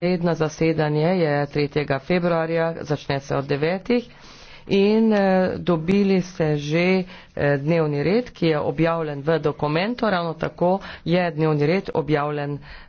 Redno zasedanje je 3. februarja, začne se od 9. In eh, dobili ste že eh, dnevni red, ki je objavljen v dokumentu, ravno tako je dnevni red objavljen